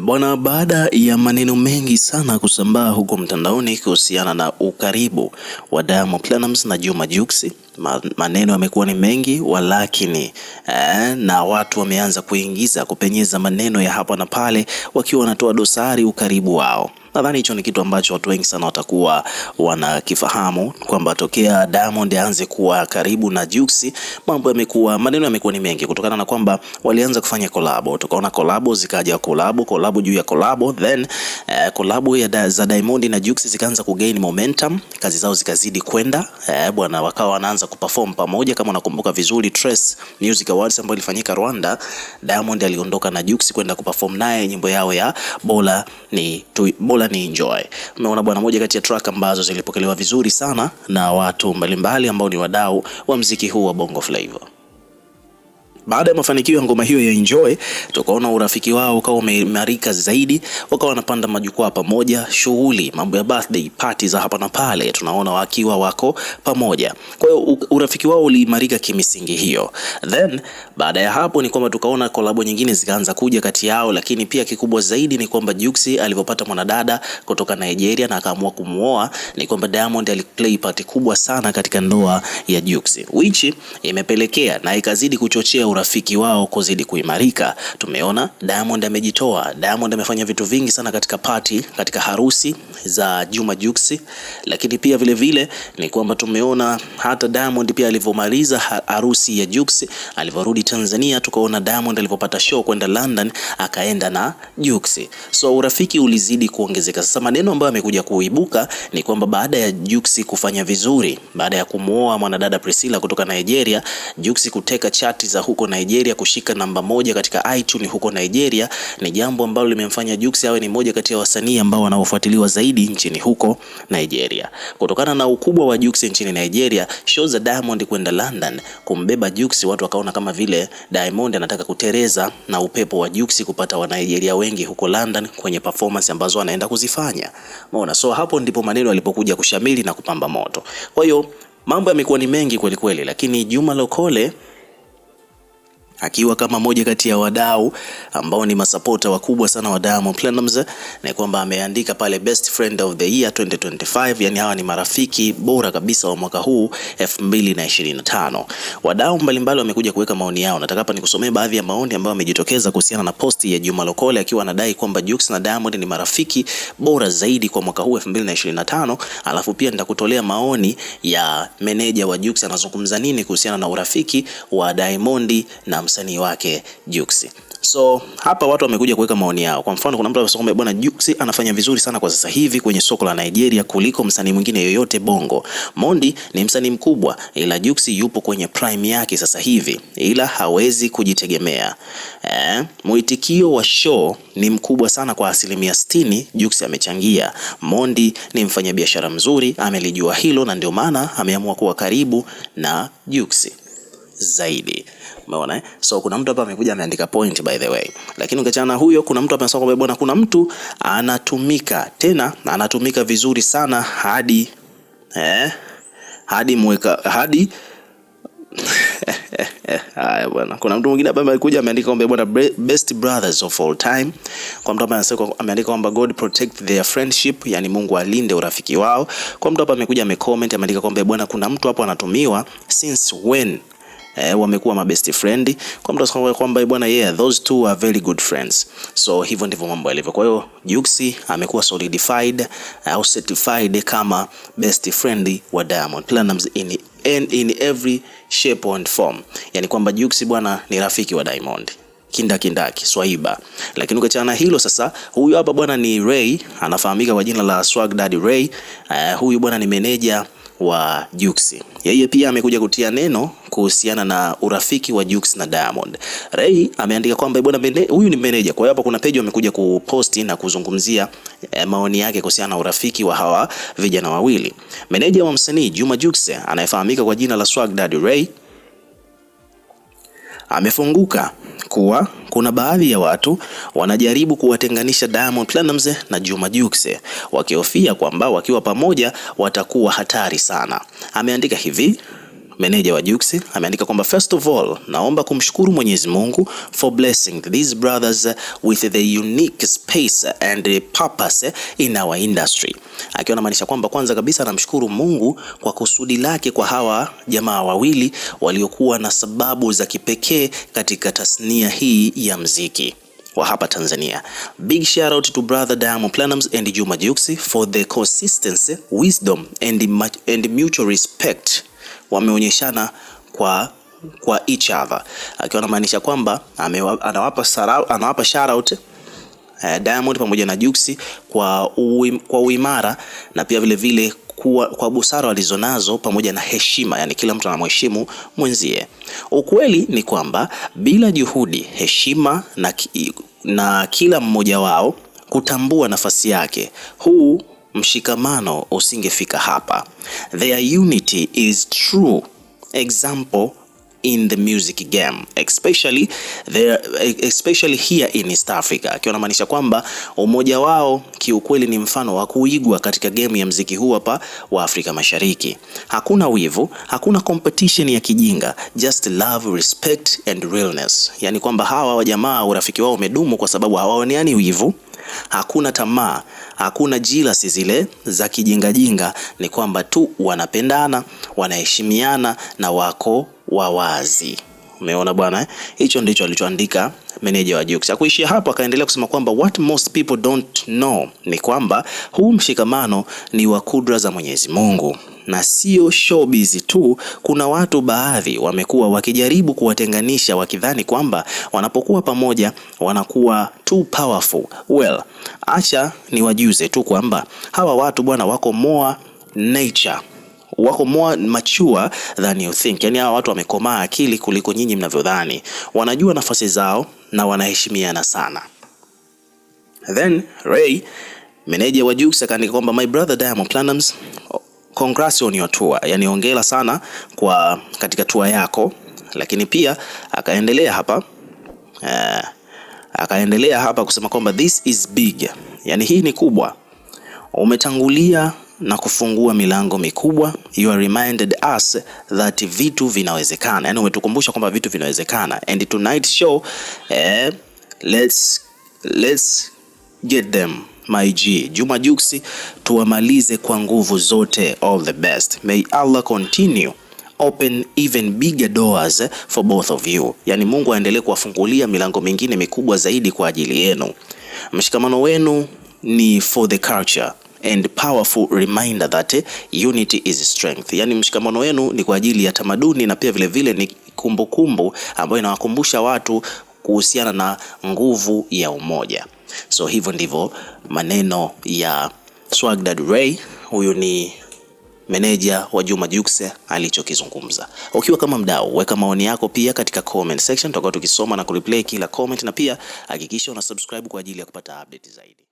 Bwana, baada ya maneno mengi sana kusambaa huko mtandaoni kuhusiana na ukaribu wa Diamond Platnumz na Juma juksi maneno yamekuwa ni mengi walakini, eh, na watu wameanza kuingiza kupenyeza maneno ya hapa na pale, wakiwa wanatoa dosari ukaribu wao. Nadhani hicho ni kitu ambacho watu wengi sana watakuwa wanakifahamu kwamba tokea Diamond aanze kuwa karibu na Jux, mambo yamekuwa, maneno yamekuwa ni mengi kutokana na kwamba walianza kufanya kolabo, tukaona kolabo zikaja kolabo, kolabo juu ya kolabo, then eh, kolabo ya da, za Diamond na Jux zikaanza kugain momentum, kazi zao zikazidi kwenda eh, bwana, wakawa wanaanza waliweza kuperform pamoja. Kama unakumbuka vizuri, Trace Music Awards ambayo ilifanyika Rwanda, Diamond aliondoka na Jux kwenda kuperform naye nyimbo yao ya Bola ni tu, Bola ni Enjoy. Umeona bwana, moja kati ya track ambazo zilipokelewa vizuri sana na watu mbalimbali ambao ni wadau wa mziki huu wa Bongo Flava. Baada ya mafanikio ya ngoma hiyo ya Enjoy, tukaona urafiki wao ukawa umeimarika zaidi, wakawa wanapanda majukwaa pamoja, shughuli, mambo ya birthday party za hapa na pale, tunaona wakiwa wako pamoja. Kwa hiyo urafiki wao uliimarika kimisingi hiyo. Then baada ya hapo ni kwamba tukaona kolabo nyingine zikaanza kuja kati yao, lakini pia kikubwa zaidi ni kwamba Juksi alivyopata mwanadada kutoka Nigeria na akaamua kumuoa, ni kwamba Diamond aliplay part kubwa sana katika ndoa ya Juksi, which imepelekea na ikazidi kuchochea urafiki wao kuzidi kuimarika. Tumeona Diamond amejitoa, Diamond amefanya vitu vingi sana katika party, katika harusi za Juma Jux, lakini pia vile vile ni kwamba tumeona hata Diamond pia alivyomaliza harusi ya Jux, alivyorudi Tanzania tukaona Diamond alivyopata show kwenda London, akaenda na Jux. So urafiki ulizidi kuongezeka. Sasa maneno ambayo amekuja kuibuka ni kwamba baada ya Jux kufanya vizuri, baada ya kumwoa mwanadada Priscilla kutoka Nigeria, Jux kuteka chati za huko huko Nigeria kushika namba moja katika iTunes huko Nigeria ni jambo ambalo limemfanya Jux awe ni moja kati ya wasanii ambao wanaofuatiliwa zaidi nchini huko Nigeria. Kutokana na ukubwa wa Jux nchini Nigeria, show za Diamond kwenda London kumbeba Jux, watu wakaona kama vile Diamond anataka kutereza na upepo wa Jux kupata wa Nigeria wengi huko London kwenye performance ambazo anaenda kuzifanya. Maona, So hapo ndipo maneno alipokuja kushamili na kupamba moto. Kwa hiyo mambo yamekuwa ni mengi kweli kweli, lakini Juma Lokole akiwa kama moja kati ya wadau ambao ni masapota wakubwa sana wa Diamond Platnumz, na kwamba ameandika pale best friend of the year 2025, yani hawa ni marafiki bora kabisa wa mwaka huu 2025. Wadau mbalimbali wamekuja kuweka maoni yao. Nataka hapa nikusomee baadhi ya maoni ambayo yamejitokeza kuhusiana na posti ya Juma Lokole akiwa anadai kwamba Jux na Diamond ni marafiki bora zaidi kwa mwaka huu 2025, alafu pia nitakutolea maoni ya meneja wa Jux anazungumza nini kuhusiana na urafiki wa Diamond na msanii wake Jux. So hapa watu wamekuja kuweka maoni yao. Kwa mfano, kuna mtu amesema kwamba bwana Jux anafanya vizuri sana kwa sasa hivi kwenye soko la Nigeria kuliko msanii mwingine yoyote Bongo. Mondi ni msanii mkubwa, ila Jux yupo kwenye prime yake sasa hivi, ila hawezi kujitegemea. Eh, mwitikio wa show ni mkubwa sana kwa asilimia sitini. Jux amechangia. Mondi ni mfanyabiashara mzuri, amelijua hilo na ndio maana ameamua kuwa karibu na Jux zaidi umeona eh? So kuna mtu hapa amekuja ameandika point by the way, lakini ukiachana na huyo, kuna mtu amesema kwamba bwana, kuna mtu anatumika tena, anatumika vizuri sana hadi eh, hadi mweka hadi Haya bwana, kuna mtu mwingine hapa amekuja ameandika kwamba bwana best brothers of all time. Kwa mtu hapa anasema ameandika kwamba God protect their friendship, yani Mungu alinde urafiki wao. Kwa mtu hapa amekuja amecomment ameandika kwamba bwana, kuna mtu hapo anatumiwa since when eh, wamekuwa mabest friend kwa mtu asikae kwamba eh, bwana, yeah those two are very good friends. So hivyo ndivyo mambo yalivyo. Kwa hiyo Juksi amekuwa solidified eh, au uh, certified kama best friend wa Diamond Platnumz in, and in every shape and form, yani kwamba Juksi bwana ni rafiki wa Diamond kindakindaki swaiba. Lakini ukiachana na hilo sasa, huyu hapa bwana ni Ray, anafahamika kwa jina la Swag Daddy Ray. Uh, huyu bwana ni meneja wa Juksi, yeye pia amekuja kutia neno kuhusiana na urafiki wa Jux na Diamond. Ray ameandika kwamba bwana, huyu ni meneja. Kwa hiyo hapa kuna page wamekuja kuposti na kuzungumzia eh, maoni yake kuhusiana na urafiki wa hawa vijana wawili. Meneja wa msanii Juma Jux anayefahamika kwa jina la Swag Daddy Ray amefunguka kuwa kuna baadhi ya watu wanajaribu kuwatenganisha Diamond Platinumz na Juma Jux wakihofia kwamba wakiwa pamoja watakuwa hatari sana. Ameandika hivi, meneja wa Jux ameandika kwamba first of all, naomba kumshukuru Mwenyezi Mungu for blessing these brothers with the unique space and purpose in our industry, akiwa anamaanisha kwamba kwanza kabisa anamshukuru Mungu kwa kusudi lake kwa hawa jamaa wawili waliokuwa na sababu za kipekee katika tasnia hii ya mziki wa hapa Tanzania. Big shout out to brother Diamond Platnumz and Juma Jux for the consistency, wisdom and, and mutual respect wameonyeshana kwa kwa each other, akiwa anamaanisha kwamba anawapa sarau, anawapa shout out eh, Diamond pamoja na Jux kwa uim, kwa uimara na pia vile vile kuwa, kwa busara walizonazo pamoja na heshima, yani kila mtu anamheshimu mwenzie. Ukweli ni kwamba bila juhudi, heshima na, na kila mmoja wao kutambua nafasi yake huu mshikamano usingefika hapa. Their unity is true example in the music game especially there, especially here in East Africa, akiwa anamaanisha kwamba umoja wao kiukweli ni mfano wa kuigwa katika game ya mziki huu hapa wa Afrika Mashariki. Hakuna wivu, hakuna competition ya kijinga, just love, respect and realness, yani kwamba hawa wajamaa urafiki wao umedumu kwa sababu hawaoneani wivu hakuna tamaa, hakuna jilasi zile za kijingajinga, ni kwamba tu wanapendana, wanaheshimiana na wako wawazi. Umeona bwana, eh? hicho Ndicho alichoandika meneja wa Jux. akuishia hapo, akaendelea kusema kwamba what most people don't know ni kwamba huu mshikamano ni wa kudra za Mwenyezi Mungu na sio showbiz tu. Kuna watu baadhi wamekuwa wakijaribu kuwatenganisha wakidhani kwamba wanapokuwa pamoja wanakuwa too powerful. Well, acha niwajuze tu kwamba hawa watu bwana wako more nature wako more mature than you think. Yani hawa watu wamekomaa akili kuliko nyinyi mnavyodhani. Wanajua nafasi zao na wanaheshimiana sana. Then Ray meneja wa Jux akaandika kwamba my brother Diamond Platnumz congrats on your tour, yani hongera sana kwa katika tour yako. Lakini pia akaendelea hapa uh, akaendelea hapa kusema kwamba this is big, yani hii ni kubwa. Umetangulia na kufungua milango mikubwa. You are reminded us that vitu vinawezekana, yani umetukumbusha kwamba vitu vinawezekana. And tonight show eh, let's, let's get them my G Juma Jux, tuwamalize kwa nguvu zote. All the best, may Allah continue open even bigger doors for both of you. Yani, Mungu aendelee kuwafungulia milango mingine mikubwa zaidi kwa ajili yenu. Mshikamano wenu ni for the culture and powerful reminder that unity is strength. Yani, mshikamano wenu ni kwa ajili ya tamaduni na pia vile vile ni kumbukumbu kumbu ambayo inawakumbusha watu kuhusiana na nguvu ya umoja. So hivyo ndivyo maneno ya Swagdad Ray, huyu ni meneja wa Juma Jukse alichokizungumza. Ukiwa kama mdau, weka maoni yako pia katika comment section, tutakuwa tukisoma na kureplay kila comment, na pia hakikisha una subscribe kwa ajili ya kupata update zaidi.